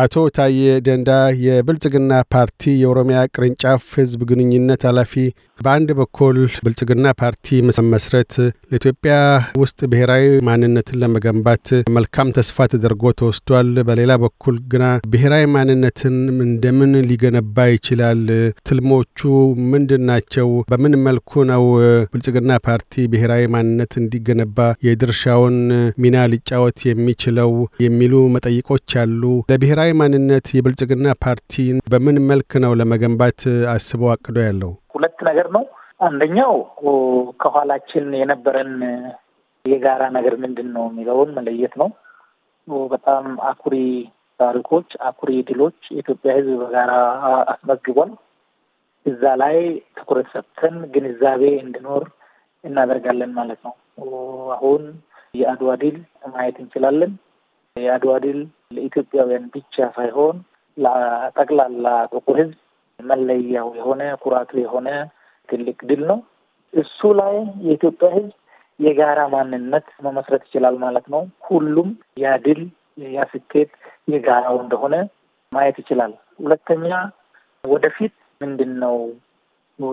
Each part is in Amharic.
አቶ ታዬ ደንዳ የብልጽግና ፓርቲ የኦሮሚያ ቅርንጫፍ ህዝብ ግንኙነት ኃላፊ፣ በአንድ በኩል ብልጽግና ፓርቲ መመስረት ለኢትዮጵያ ውስጥ ብሔራዊ ማንነትን ለመገንባት መልካም ተስፋ ተደርጎ ተወስዷል። በሌላ በኩል ግና ብሔራዊ ማንነትን እንደምን ሊገነባ ይችላል? ትልሞቹ ምንድን ናቸው? በምን መልኩ ነው ብልጽግና ፓርቲ ብሔራዊ ማንነት እንዲገነባ የድርሻውን ሚና ሊጫወት የሚችለው? የሚሉ መጠይቆች አሉ። ብሔራዊ ማንነት የብልጽግና ፓርቲን በምን መልክ ነው ለመገንባት አስበው አቅዶ ያለው? ሁለት ነገር ነው። አንደኛው ከኋላችን የነበረን የጋራ ነገር ምንድን ነው የሚለውን መለየት ነው። በጣም አኩሪ ታሪኮች፣ አኩሪ ድሎች የኢትዮጵያ ሕዝብ በጋራ አስመዝግቧል። እዛ ላይ ትኩረት ሰጥተን ግንዛቤ እንዲኖር እናደርጋለን ማለት ነው። አሁን የአድዋ ድል ማየት እንችላለን። የአድዋ ድል ለኢትዮጵያውያን ብቻ ሳይሆን ለጠቅላላ ጥቁር ሕዝብ መለያው የሆነ ኩራቱ የሆነ ትልቅ ድል ነው። እሱ ላይ የኢትዮጵያ ሕዝብ የጋራ ማንነት መመስረት ይችላል ማለት ነው። ሁሉም ያ ድል ያ ስኬት የጋራው እንደሆነ ማየት ይችላል። ሁለተኛ ወደፊት ምንድን ነው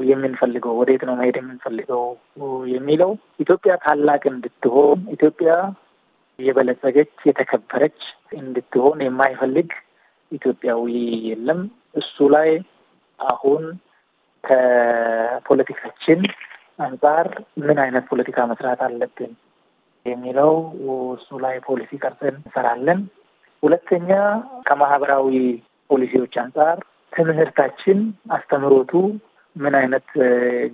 የምንፈልገው ወዴት ነው መሄድ የምንፈልገው የሚለው ኢትዮጵያ ታላቅ እንድትሆን ኢትዮጵያ የበለጸገች የተከበረች እንድትሆን የማይፈልግ ኢትዮጵያዊ የለም። እሱ ላይ አሁን ከፖለቲካችን አንጻር ምን አይነት ፖለቲካ መስራት አለብን የሚለው እሱ ላይ ፖሊሲ ቀርጸን እንሰራለን። ሁለተኛ ከማህበራዊ ፖሊሲዎች አንጻር ትምህርታችን አስተምሮቱ ምን አይነት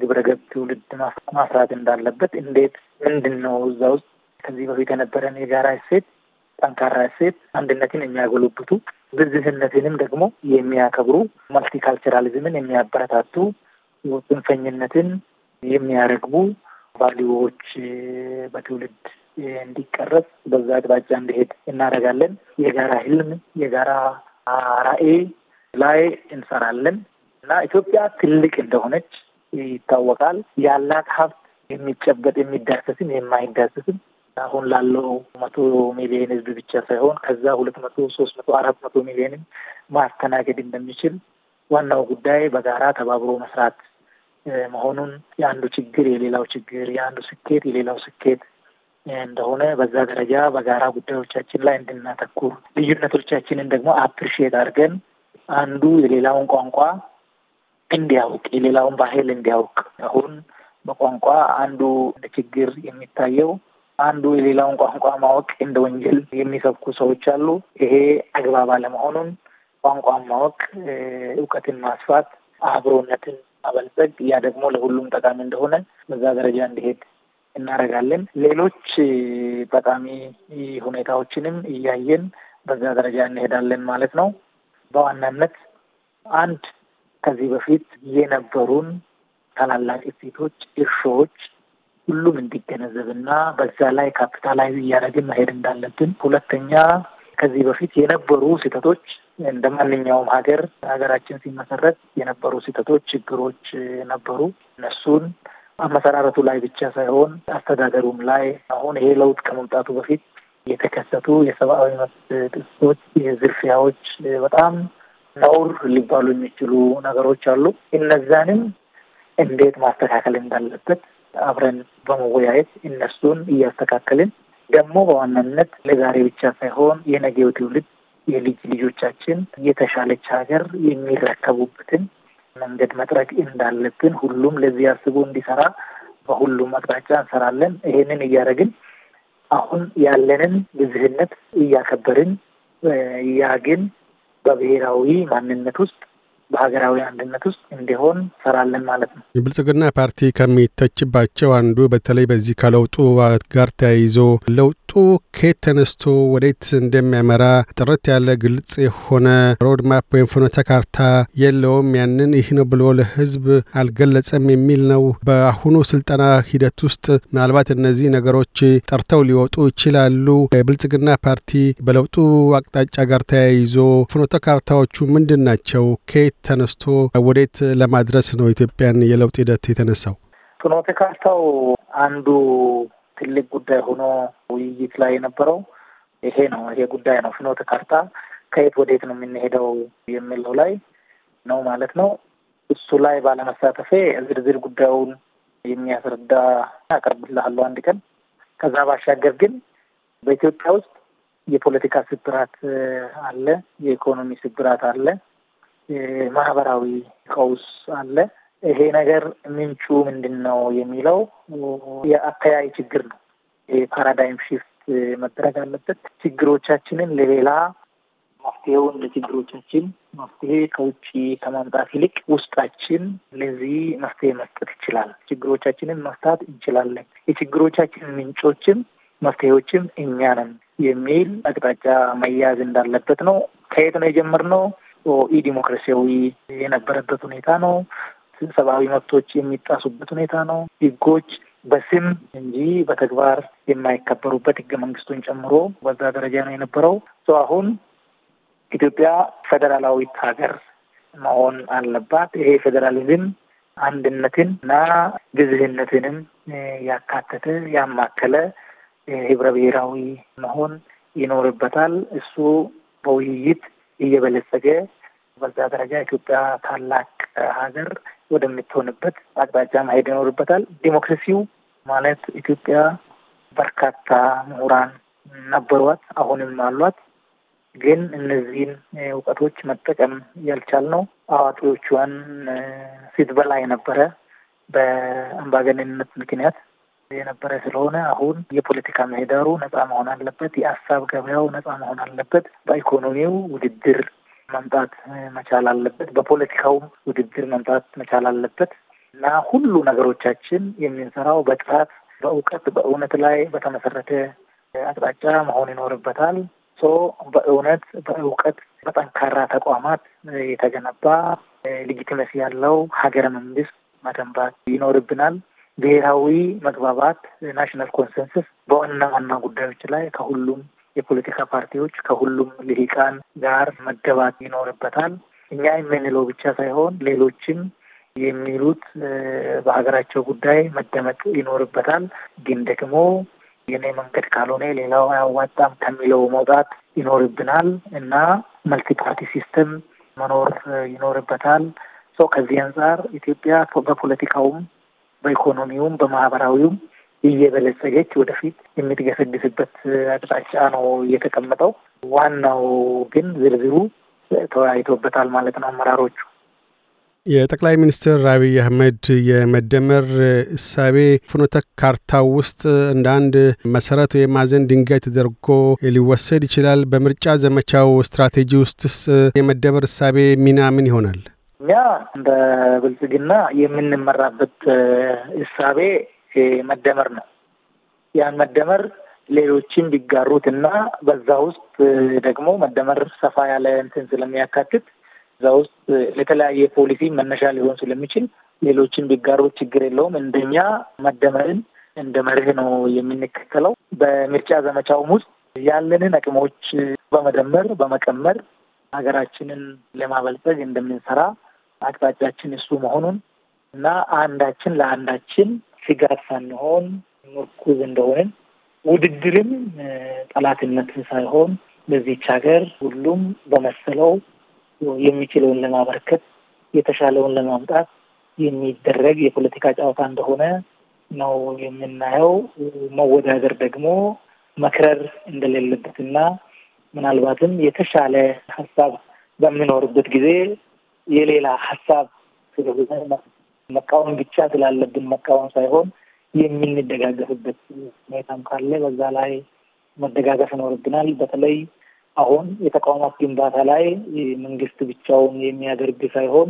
ግብረ ገብ ትውልድ ማፍራት እንዳለበት እንዴት ምንድን ነው እዛ ውስጥ ከዚህ በፊት የነበረን የጋራ እሴት ጠንካራ እሴት አንድነትን የሚያጎለብቱ ብዝህነትንም ደግሞ የሚያከብሩ ማልቲካልቸራሊዝምን የሚያበረታቱ ጽንፈኝነትን የሚያረግቡ ቫሊዎች በትውልድ እንዲቀረጽ በዛ አቅጣጫ እንዲሄድ እናደርጋለን። የጋራ ህልም፣ የጋራ ራዕይ ላይ እንሰራለን እና ኢትዮጵያ ትልቅ እንደሆነች ይታወቃል። ያላት ሀብት የሚጨበጥ የሚዳሰስም የማይዳሰስም አሁን ላለው መቶ ሚሊዮን ህዝብ ብቻ ሳይሆን ከዛ ሁለት መቶ ሶስት መቶ አራት መቶ ሚሊዮንም ማስተናገድ እንደሚችል ዋናው ጉዳይ በጋራ ተባብሮ መስራት መሆኑን የአንዱ ችግር የሌላው ችግር የአንዱ ስኬት የሌላው ስኬት እንደሆነ በዛ ደረጃ በጋራ ጉዳዮቻችን ላይ እንድናተኩር ልዩነቶቻችንን ደግሞ አፕሪሺየት አድርገን አንዱ የሌላውን ቋንቋ እንዲያውቅ የሌላውን ባህል እንዲያውቅ አሁን በቋንቋ አንዱ ችግር የሚታየው አንዱ የሌላውን ቋንቋ ማወቅ እንደ ወንጀል የሚሰብኩ ሰዎች አሉ። ይሄ አግባብ አለመሆኑን ቋንቋን ማወቅ፣ እውቀትን ማስፋት፣ አብሮነትን አበልጸግ ያ ደግሞ ለሁሉም ጠቃሚ እንደሆነ በዛ ደረጃ እንዲሄድ እናደርጋለን። ሌሎች ጠቃሚ ሁኔታዎችንም እያየን በዛ ደረጃ እንሄዳለን ማለት ነው። በዋናነት አንድ ከዚህ በፊት የነበሩን ታላላቅ እሴቶች፣ እርሾዎች ሁሉም እንዲገነዘብና በዛ ላይ ካፒታላዊ እያደረግን መሄድ እንዳለብን፣ ሁለተኛ ከዚህ በፊት የነበሩ ስህተቶች እንደ ማንኛውም ሀገር ሀገራችን ሲመሰረት የነበሩ ስህተቶች፣ ችግሮች ነበሩ። እነሱን አመሰራረቱ ላይ ብቻ ሳይሆን አስተዳደሩም ላይ አሁን ይሄ ለውጥ ከመምጣቱ በፊት የተከሰቱ የሰብአዊ መብት ጥሰቶች፣ ዝርፊያዎች በጣም ነውር ሊባሉ የሚችሉ ነገሮች አሉ። እነዛንም እንዴት ማስተካከል እንዳለበት አብረን በመወያየት እነሱን እያስተካከልን ደግሞ በዋናነት ለዛሬ ብቻ ሳይሆን የነገው ትውልድ የልጅ ልጆቻችን የተሻለች ሀገር የሚረከቡበትን መንገድ መጥረግ እንዳለብን ሁሉም ለዚህ አስቦ እንዲሰራ በሁሉም አቅጣጫ እንሰራለን። ይሄንን እያደረግን አሁን ያለንን ብዝህነት እያከበርን ያ ግን በብሔራዊ ማንነት ውስጥ በሀገራዊ አንድነት ውስጥ እንዲሆን ሰራለን ማለት ነው። የብልጽግና ፓርቲ ከሚተችባቸው አንዱ በተለይ በዚህ ከለውጡ ጋር ተያይዞ ለውጥ ለውጡ ከየት ተነስቶ ወዴት እንደሚያመራ ጥርት ያለ ግልጽ የሆነ ሮድማፕ ወይም ፍኖተ ካርታ የለውም። ያንን ይህ ነው ብሎ ለህዝብ አልገለጸም የሚል ነው። በአሁኑ ስልጠና ሂደት ውስጥ ምናልባት እነዚህ ነገሮች ጠርተው ሊወጡ ይችላሉ። የብልጽግና ፓርቲ በለውጡ አቅጣጫ ጋር ተያይዞ ፍኖተ ካርታዎቹ ምንድን ናቸው? ከየት ተነስቶ ወዴት ለማድረስ ነው ኢትዮጵያን የለውጥ ሂደት የተነሳው? ፍኖተ ካርታው አንዱ ትልቅ ጉዳይ ሆኖ ውይይት ላይ የነበረው ይሄ ነው። ይሄ ጉዳይ ነው ፍኖተ ካርታ ከየት ወዴት ነው የምንሄደው የሚለው ላይ ነው ማለት ነው። እሱ ላይ ባለመሳተፌ ዝርዝር ጉዳዩን የሚያስረዳ አቀርብልሃለሁ አንድ ቀን። ከዛ ባሻገር ግን በኢትዮጵያ ውስጥ የፖለቲካ ስብራት አለ፣ የኢኮኖሚ ስብራት አለ፣ ማህበራዊ ቀውስ አለ። ይሄ ነገር ምንቹ ምንድን ነው የሚለው የአተያይ ችግር ነው። የፓራዳይም ሺፍት መደረግ አለበት። ችግሮቻችንን ለሌላ መፍትሄውን ለችግሮቻችን መፍትሄ ከውጭ ከማምጣት ይልቅ ውስጣችን ለዚህ መፍትሄ መስጠት ይችላል። ችግሮቻችንን መፍታት እንችላለን። የችግሮቻችን ምንጮችም መፍትሄዎችም እኛ ነን የሚል አቅጣጫ መያዝ እንዳለበት ነው። ከየት ነው የጀመርነው? ነው ዲሞክራሲያዊ የነበረበት ሁኔታ ነው። ሰብአዊ መብቶች የሚጣሱበት ሁኔታ ነው። ህጎች በስም እንጂ በተግባር የማይከበሩበት ህገ መንግስቱን ጨምሮ በዛ ደረጃ ነው የነበረው። አሁን ኢትዮጵያ ፌዴራላዊት ሀገር መሆን አለባት። ይሄ ፌዴራሊዝም አንድነትን እና ግዝህነትንም ያካተተ ያማከለ ህብረ ብሔራዊ መሆን ይኖርበታል። እሱ በውይይት እየበለጸገ በዛ ደረጃ ኢትዮጵያ ታላቅ ሀገር ወደምትሆንበት አቅጣጫ ማሄድ ይኖርበታል። ዲሞክራሲው ማለት ኢትዮጵያ በርካታ ምሁራን ነበሯት፣ አሁንም አሏት። ግን እነዚህን እውቀቶች መጠቀም ያልቻል ነው አዋቂዎቿን ስትበላ የነበረ በአምባገነንነት ምክንያት የነበረ ስለሆነ አሁን የፖለቲካ ምህዳሩ ነጻ መሆን አለበት። የሀሳብ ገበያው ነጻ መሆን አለበት። በኢኮኖሚው ውድድር መምጣት መቻል አለበት። በፖለቲካውም ውድድር መምጣት መቻል አለበት እና ሁሉ ነገሮቻችን የምንሰራው በጥራት በእውቀት፣ በእውነት ላይ በተመሰረተ አቅጣጫ መሆን ይኖርበታል። ሶ በእውነት በእውቀት በጠንካራ ተቋማት የተገነባ ሌጂቲመሲ ያለው ሀገረ መንግስት መገንባት ይኖርብናል። ብሔራዊ መግባባት ናሽናል ኮንሰንሰስ በዋና ዋና ጉዳዮች ላይ ከሁሉም የፖለቲካ ፓርቲዎች ከሁሉም ልሂቃን ጋር መገባት ይኖርበታል። እኛ የምንለው ብቻ ሳይሆን ሌሎችም የሚሉት በሀገራቸው ጉዳይ መደመጥ ይኖርበታል። ግን ደግሞ የኔ መንገድ ካልሆነ ሌላው አያዋጣም ከሚለው መውጣት ይኖርብናል እና መልቲ ፓርቲ ሲስተም መኖር ይኖርበታል። ከዚህ አንጻር ኢትዮጵያ በፖለቲካውም፣ በኢኮኖሚውም፣ በማህበራዊውም እየበለጸገች ወደፊት የምትገሰግስበት አቅጣጫ ነው የተቀመጠው። ዋናው ግን ዝርዝሩ ተወያይቶበታል ማለት ነው አመራሮቹ። የጠቅላይ ሚኒስትር አብይ አህመድ የመደመር እሳቤ ፍኖተ ካርታው ውስጥ እንደ አንድ መሰረት ወይም ማዕዘን ድንጋይ ተደርጎ ሊወሰድ ይችላል። በምርጫ ዘመቻው ስትራቴጂ ውስጥስ የመደመር እሳቤ ሚና ምን ይሆናል? እኛ እንደ ብልጽግና የምንመራበት እሳቤ መደመር ነው። ያን መደመር ሌሎችን ቢጋሩት እና በዛ ውስጥ ደግሞ መደመር ሰፋ ያለ እንትን ስለሚያካትት እዛ ውስጥ ለተለያየ ፖሊሲ መነሻ ሊሆን ስለሚችል ሌሎችን ቢጋሩት ችግር የለውም። እንደኛ መደመርን እንደ መርህ ነው የምንከተለው። በምርጫ ዘመቻውም ውስጥ ያለንን አቅሞች በመደመር በመቀመር ሀገራችንን ለማበልጸግ እንደምንሰራ አቅጣጫችን እሱ መሆኑን እና አንዳችን ለአንዳችን ስጋት ሳንሆን ምርኩዝ እንደሆንን ውድድርም ጠላትነት ሳይሆን በዚች ሀገር ሁሉም በመሰለው የሚችለውን ለማበረከት የተሻለውን ለማምጣት የሚደረግ የፖለቲካ ጨዋታ እንደሆነ ነው የምናየው። መወዳደር ደግሞ መክረር እንደሌለበትና ምናልባትም የተሻለ ሀሳብ በሚኖርበት ጊዜ የሌላ ሀሳብ ስለሆነ መቃወም ብቻ ስላለብን መቃወም ሳይሆን የምንደጋገፍበት ሁኔታም ካለ በዛ ላይ መደጋገፍ ይኖርብናል። በተለይ አሁን የተቋማት ግንባታ ላይ መንግስት ብቻውን የሚያደርግ ሳይሆን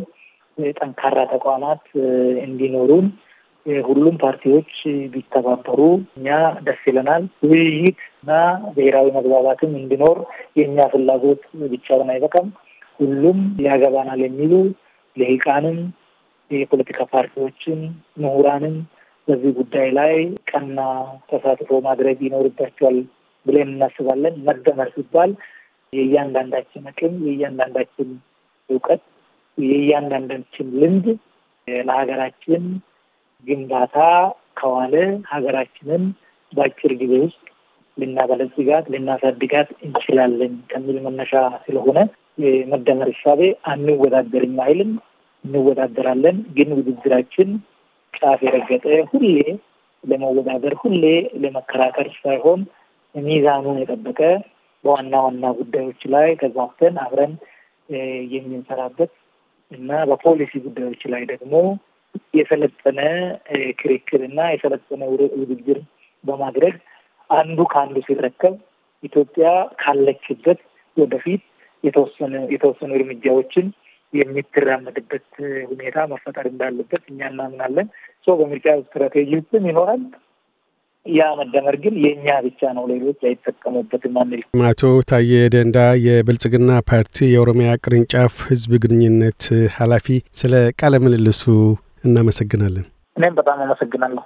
ጠንካራ ተቋማት እንዲኖሩን ሁሉም ፓርቲዎች ቢተባበሩ እኛ ደስ ይለናል። ውይይት እና ብሔራዊ መግባባትም እንዲኖር የእኛ ፍላጎት ብቻውን አይበቃም። ሁሉም ያገባናል የሚሉ ልሂቃንም የፖለቲካ ፓርቲዎችን፣ ምሁራንን በዚህ ጉዳይ ላይ ቀና ተሳትፎ ማድረግ ይኖርባቸዋል ብለን እናስባለን። መደመር ሲባል የእያንዳንዳችን አቅም፣ የእያንዳንዳችን እውቀት፣ የእያንዳንዳችን ልምድ ለሀገራችን ግንባታ ከዋለ ሀገራችንን በአጭር ጊዜ ውስጥ ልናበለጽጋት ልናሳድጋት እንችላለን ከሚል መነሻ ስለሆነ መደመር እሳቤ አንወዳደርም አይልም እንወዳደራለን። ግን ውድድራችን ጫፍ የረገጠ ሁሌ ለመወዳደር ሁሌ ለመከራከር ሳይሆን ሚዛኑን የጠበቀ በዋና ዋና ጉዳዮች ላይ ተግባብተን አብረን የምንሰራበት እና በፖሊሲ ጉዳዮች ላይ ደግሞ የሰለጠነ ክርክር እና የሰለጠነ ውድድር በማድረግ አንዱ ከአንዱ ሲረከብ ኢትዮጵያ ካለችበት ወደፊት የተወሰኑ እርምጃዎችን የሚተራመድበት ሁኔታ መፈጠር እንዳለበት እኛ እናምናለን። በምርጫ ስትራቴጂ ውስጥም ይኖራል። ያ መደመር ግን የእኛ ብቻ ነው፣ ሌሎች አይጠቀሙበትም አንል። አቶ ታዬ ደንዳ የብልጽግና ፓርቲ የኦሮሚያ ቅርንጫፍ ህዝብ ግንኙነት ኃላፊ፣ ስለ ቃለ ምልልሱ እናመሰግናለን። እኔም በጣም አመሰግናለሁ።